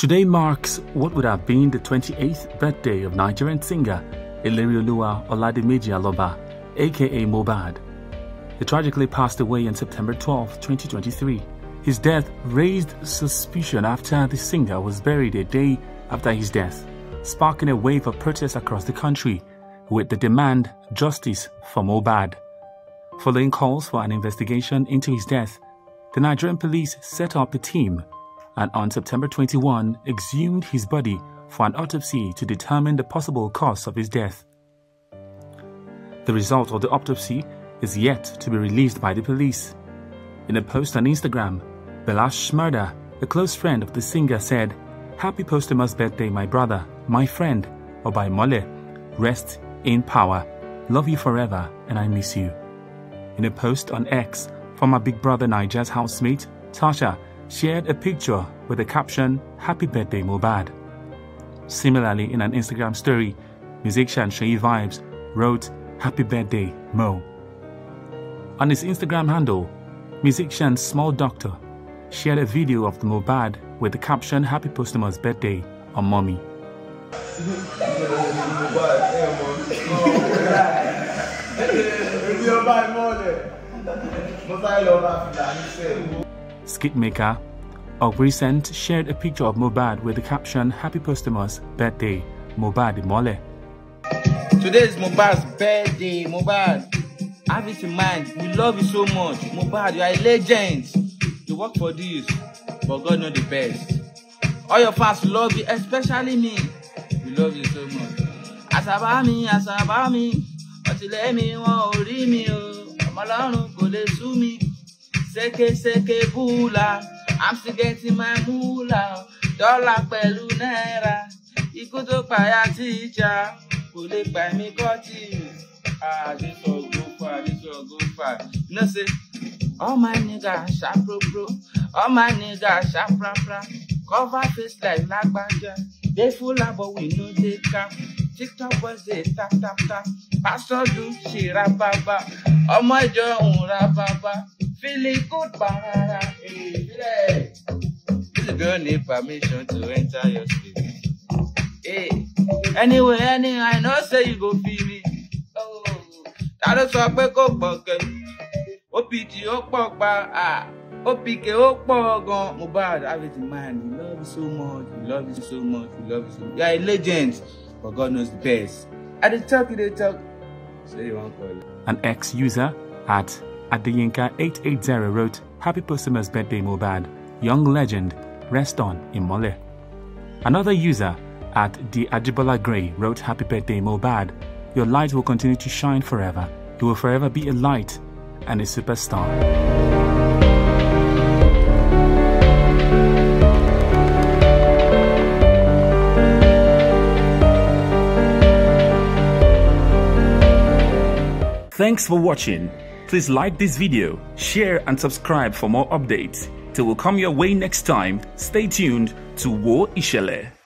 Today marks what would have been the 28th birthday of Nigerian singer Ilerioluwa Oladimeji Aloba, aka Mobad. He tragically passed away on September 12, 2023. His death raised suspicion after the singer was buried a day after his death, sparking a wave of protests across the country with the demand justice for Mobad. Following calls for an investigation into his death, the Nigerian police set up a team and on September 21 exhumed his body for an autopsy to determine the possible cause of his death. The result of the autopsy is yet to be released by the police. In a post on Instagram, Belash Shmerda, a close friend of the singer, said, Happy posthumous birthday, my brother, my friend, by Mole. Rest in power. Love you forever, and I miss you. In a post on X, former Big Brother Niger's housemate, Tasha, shared a picture with the caption, Happy Birthday Mubad." Similarly, in an Instagram story, musician Shay Vibes wrote, Happy Birthday Mo. On his Instagram handle, musician Small Doctor shared a video of the Mubad with the caption, Happy Posthumous Birthday on Mommy skit maker, recent, shared a picture of Mobad with the caption Happy posthumous birthday, Mobad Mole. Today is Mobad's birthday, Mobad. Have it in mind, we love you so much. Mobad, you are a legend. You work for this, but God know the best. All your fans love you, especially me. We love you so much. Asabami, Asabami, me, Orimi, Ọmọ Ọlọ́run kò lè sú mi. Seke seke bula, I'm still getting my moolah. Dọ́là pẹ̀lú náírà, ikú tó pàyà tíjà, kò lè gbà mí kọ́tì. Àdìsọ̀ gòfà, àdìsọ̀ gòfà. No say, all my nigga ṣàpropro, all my nigga ṣàprapra. Cover face like lágbájá. Dey full up but we no dey cap. TikTok boys dey tap tap tap. Pastor do ṣèrà bàbà, ọmọ ìjọ ń ra bàbà. Feeling good banana in the This girl need permission to enter your space. Hey, anyway, anyway, I know say you go feel me. Oh, ta ló sọ pé kò pọ̀ kẹ́? OPG ó pọ̀ pa, OPK ó pọ̀ gan. Mohbad, have it in We love you so much, we love you so much, we love you so much. You are a legend, but God knows the best. I dey talk, you dey talk. Say you won't call. An ex-user at at the Yinka 880 wrote, Happy posthumous birthday Mobad, young legend, rest on Imole. Another user at the Ajibola Gray wrote, Happy birthday Mobad, your light will continue to shine forever. You will forever be a light and a superstar. Thanks for watching. Please like this video, share and subscribe for more updates. Till we will come your way next time, stay tuned to War Ishele.